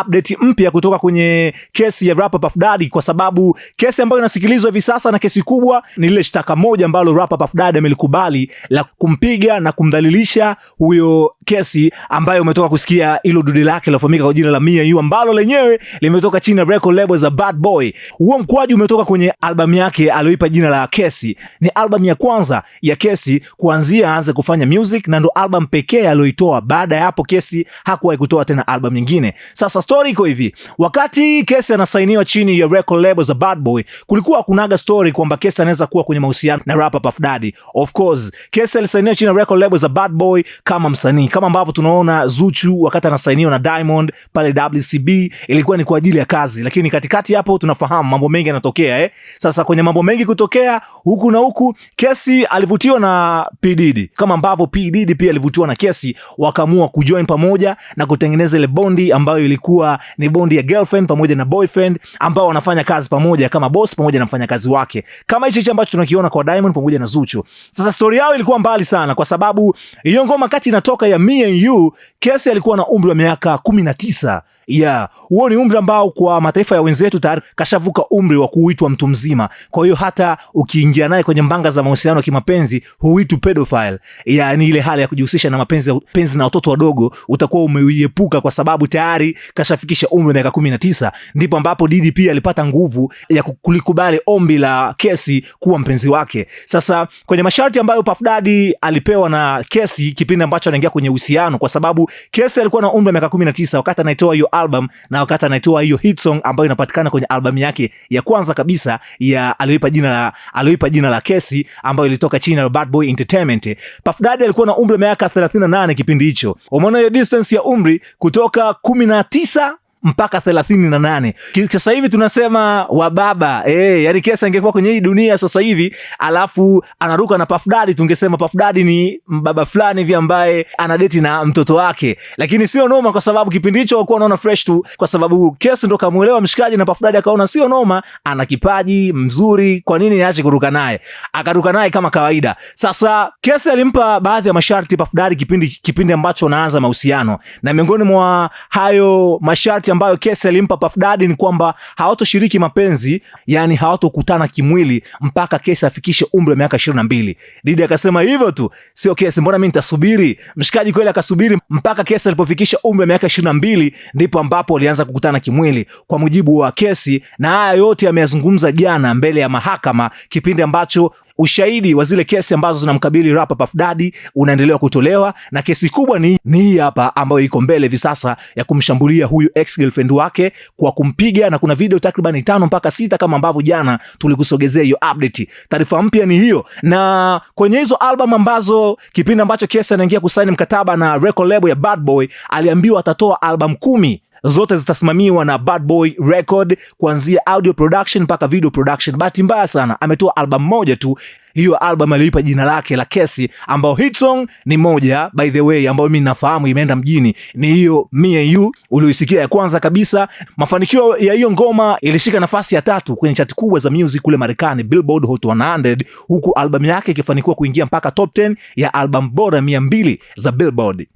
update mpya kutoka kwenye kesi ya Rap Puff Daddy, kwa sababu kesi ambayo inasikilizwa hivi sasa na kesi kubwa ni lile shtaka moja ambalo Rap Puff Daddy amelikubali la kumpiga na kumdhalilisha huyo kesi ambayo umetoka kusikia hilo dude lake lafahamika kwa jina la Mia Yu ambalo lenyewe limetoka chini ya record label za Bad Boy. Huo mkwaju umetoka kwenye albamu yake aliyoipa jina la Kesi. Ni albamu ya kwanza ya Kesi kuanzia aanze kufanya music na ndo albamu pekee aliyoitoa. Baada ya hapo Kesi hakuwahi kutoa tena albamu nyingine. Sasa story iko hivi. Wakati Kesi anasainiwa chini ya record label za Bad Boy, kulikuwa kunaga story kwamba Kesi anaweza kuwa kwenye mahusiano na rapper Puff Daddy. Of course, Kesi alisainiwa chini ya record label za Bad Boy kama msanii kama ambavyo tunaona Zuchu wakati anasainiwa na Diamond pale WCB ilikuwa ni kwa ajili ya kazi, lakini katikati hapo tunafahamu mambo mengi yanatokea eh. Sasa kwenye mambo mengi kutokea huku na huku, Kesi alivutiwa na PDD kama ambavyo PDD pia alivutiwa na Kesi, wakaamua kujoin pamoja na kutengeneza ile bondi ambayo ilikuwa ni bondi ya girlfriend pamoja na boyfriend ambao wanafanya kazi pamoja kama boss pamoja na mfanyakazi wake, kama hicho hicho ambacho tunakiona kwa Diamond pamoja na Zuchu. Sasa story yao ilikuwa mbali sana, kwa sababu hiyo ngoma kati inatoka ya me and you, Kesi alikuwa na umri wa miaka kumi na tisa. Ya, Yeah, huo ni umri ambao kwa mataifa ya wenzetu tayari kashavuka umri wa kuitwa mtu mzima. Kwa hiyo hata ukiingia naye kwenye mbanga za mahusiano ya kimapenzi huitwi pedophile. Yeah, ni ile hali ya kujihusisha na mapenzi penzi na watoto wadogo utakuwa umeiepuka kwa sababu tayari kashafikisha umri wa miaka kumi na tisa. Ndipo ambapo DDP alipata nguvu ya kulikubali ombi la Kesi kuwa mpenzi wake. Sasa kwenye masharti ambayo Puff Daddy alipewa na Kesi kipindi ambacho anaingia kwenye kwenye uhusiano, kwa sababu Kesi alikuwa na umri wa miaka 19 wakati anaitoa hiyo album na wakati anaitoa hiyo hit song ambayo inapatikana kwenye album yake ya kwanza kabisa ya aliyoipa jina la aliyoipa jina la Kesi ambayo ilitoka chini ya Bad Boy Entertainment. Puff Daddy alikuwa na umri wa miaka 38 kipindi hicho. Umeona hiyo distance ya umri kutoka 19 mpaka thelathini na nane. Sasa hivi tunasema wababa e, eh, yani Kesa angekuwa kwenye hii dunia sasa hivi alafu anaruka na Puff Daddy, tungesema Puff Daddy ni baba fulani hivi ambaye anadeti na mtoto wake, lakini sio noma, kwa sababu kipindi hicho wakuwa wanaona fresh tu, kwa sababu Kesa ndo kamuelewa mshikaji na Puff Daddy akaona sio noma, ana kipaji mzuri, kwa nini niache kuruka naye? Akaruka naye kama kawaida. Sasa Kesa alimpa baadhi ya masharti Puff Daddy kipindi kipindi ambacho anaanza mahusiano, na miongoni mwa hayo masharti ambayo Kesi alimpa Puff Daddy ni kwamba hawatoshiriki mapenzi, yani hawatokutana kimwili mpaka Kesi afikishe umri wa miaka 22. Didi akasema hivyo tu, sio Kesi, mbona mimi nitasubiri? Mshikaji kweli akasubiri mpaka Kesi alipofikisha umri wa miaka 22 ndipo ambapo walianza kukutana kimwili kwa mujibu wa Kesi, na haya yote ameyazungumza jana mbele ya mahakama kipindi ambacho ushahidi wa zile kesi ambazo zinamkabili rapa Puff Daddy unaendelea kutolewa, na kesi kubwa ni hii hapa ambayo iko mbele hivi sasa ya kumshambulia huyu ex girlfriend wake kwa kumpiga, na kuna video takriban tano mpaka sita kama ambavyo jana tulikusogezea hiyo update. Taarifa mpya ni hiyo, na kwenye hizo album ambazo kipindi ambacho kesi anaingia kusaini mkataba na record label ya Bad Boy aliambiwa atatoa album kumi zote zitasimamiwa na Bad Boy Record kuanzia audio production mpaka video production. Bahati mbaya sana ametoa album moja tu, hiyo album aliyoipa jina lake la Kesi, ambao hit song ni moja by the way, ambayo mimi nafahamu imeenda mjini, ni hiyo Me and You uliyoisikia ya kwanza kabisa. Mafanikio ya hiyo ngoma ilishika nafasi ya tatu kwenye chati kubwa za music kule Marekani, Billboard Hot 100, huku album yake ikifanikiwa kuingia mpaka top 10 ya album bora 200 za Billboard.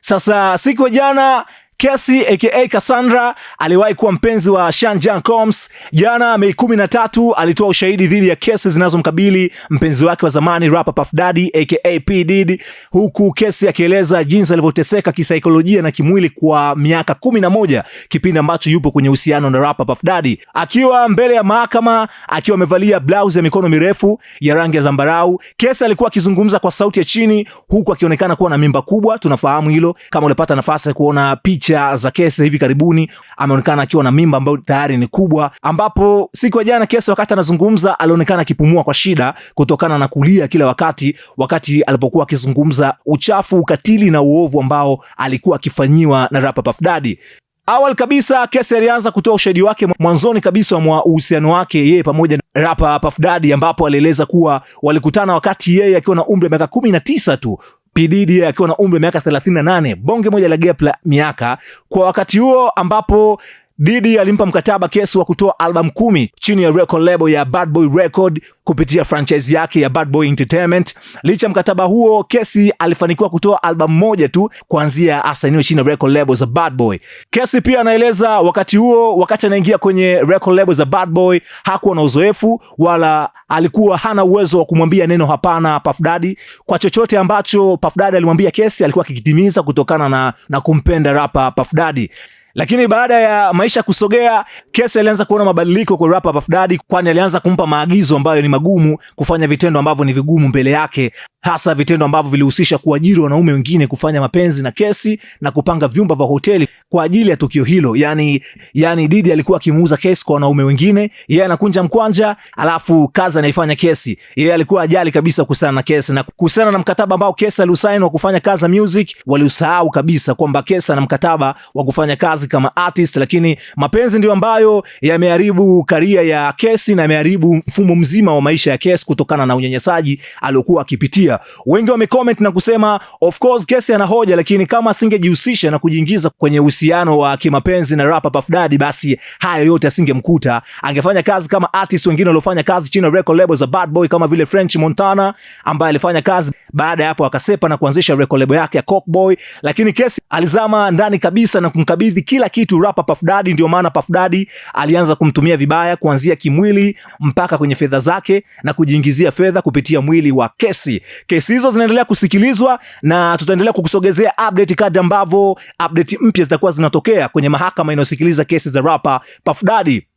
Sasa siku ya jana Kesi aka Cassandra aliwahi kuwa mpenzi wa Shanjan Combs. Jana Mei 13 alitoa ushahidi dhidi ya kesi zinazomkabili mpenzi wake wa zamani rapper Puff Daddy aka P Diddy, huku kesi akieleza jinsi alivyoteseka kisaikolojia na kimwili kwa miaka kumi na moja kipindi ambacho yupo kwenye uhusiano na rapper Puff Daddy, akiwa mbele ya mahakama akiwa amevalia blouse ya mikono mirefu ya rangi ya zambarau. kesi alikuwa akizungumza kwa sauti ya chini, huku akionekana kuwa na mimba kubwa. Tunafahamu hilo, kama ulipata nafasi ya kuona picha picha za Kesi hivi karibuni, ameonekana akiwa na mimba ambayo tayari ni kubwa, ambapo siku ya jana Kesi wakati anazungumza alionekana akipumua kwa shida kutokana na kulia kila wakati, wakati alipokuwa akizungumza uchafu, ukatili na uovu ambao alikuwa akifanyiwa na rapa Puff Daddy. Awali kabisa Kesi alianza kutoa ushahidi wake mwanzoni kabisa mwa uhusiano wake yeye pamoja na rapa Puff Daddy, ambapo alieleza kuwa walikutana wakati yeye akiwa na umri wa miaka kumi na tisa tu Pididi akiwa na umri wa miaka 38, bonge moja la gap la miaka kwa wakati huo ambapo Didi alimpa mkataba Kesu wa kutoa albamu kumi chini ya record label ya Bad Boy Record kupitia franchise yake ya Bad Boy Entertainment. Licha mkataba huo, Kesi alifanikiwa kutoa albamu moja tu kuanzia asainiwe chini ya record label za Bad Boy. Kesi pia anaeleza wakati huo, wakati anaingia kwenye record label za Bad Boy hakuwa na uzoefu wala alikuwa hana uwezo wa kumwambia neno hapana Puff Daddy kwa chochote ambacho Puff Daddy alimwambia Kesi alikuwa akikitimiza kutokana na, na kumpenda rapa Puff Daddy. Lakini baada ya maisha kusogea, kesi alianza kuona mabadiliko kwa Rap Puff Daddy, kwani alianza kumpa maagizo ambayo ni magumu, kufanya vitendo ambavyo ni vigumu mbele yake, hasa vitendo ambavyo vilihusisha kuajiri wanaume wengine kufanya mapenzi na Kesi na kupanga vyumba vya hoteli kwa ajili ya tukio hilo. Yani, yani Didi alikuwa akimuuza Kesi kwa wanaume wengine, yeye anakunja mkwanja, alafu kazi anaifanya Kesi. Yeye alikuwa ajali kabisa kuhusiana na Kesi na kuhusiana na mkataba ambao Kesi aliusaini wa kufanya kazi music. Waliusahau kabisa kwamba Kesi ana mkataba wa kufanya kazi kama artist, lakini mapenzi ndio ambayo yameharibu karia ya Kesi na yameharibu mfumo mzima wa maisha ya Kesi kutokana na unyanyasaji aliokuwa akipitia hoja. Wengi wamecomment na kusema of course kesi ana hoja, lakini kama asingejihusisha na kujiingiza kwenye uhusiano wa kimapenzi na rapper Puff Daddy, basi haya yote asingemkuta. Angefanya kazi kama artist wengine waliofanya kazi chini ya record label za Bad Boy kama vile French Montana ambaye alifanya kazi, baada ya hapo akasepa na kuanzisha record label yake ya Boy, lakini kesi alizama ndani kabisa na kumkabidhi kila kitu rapper Puff Daddy. Ndio maana Puff Daddy alianza kumtumia vibaya kuanzia kimwili mpaka kwenye fedha zake na kujiingizia fedha kupitia mwili wa kesi. Kesi hizo zinaendelea kusikilizwa na tutaendelea kukusogezea update kadri ambavyo update mpya zitakuwa zinatokea kwenye mahakama inayosikiliza kesi za rapa Puff Daddy.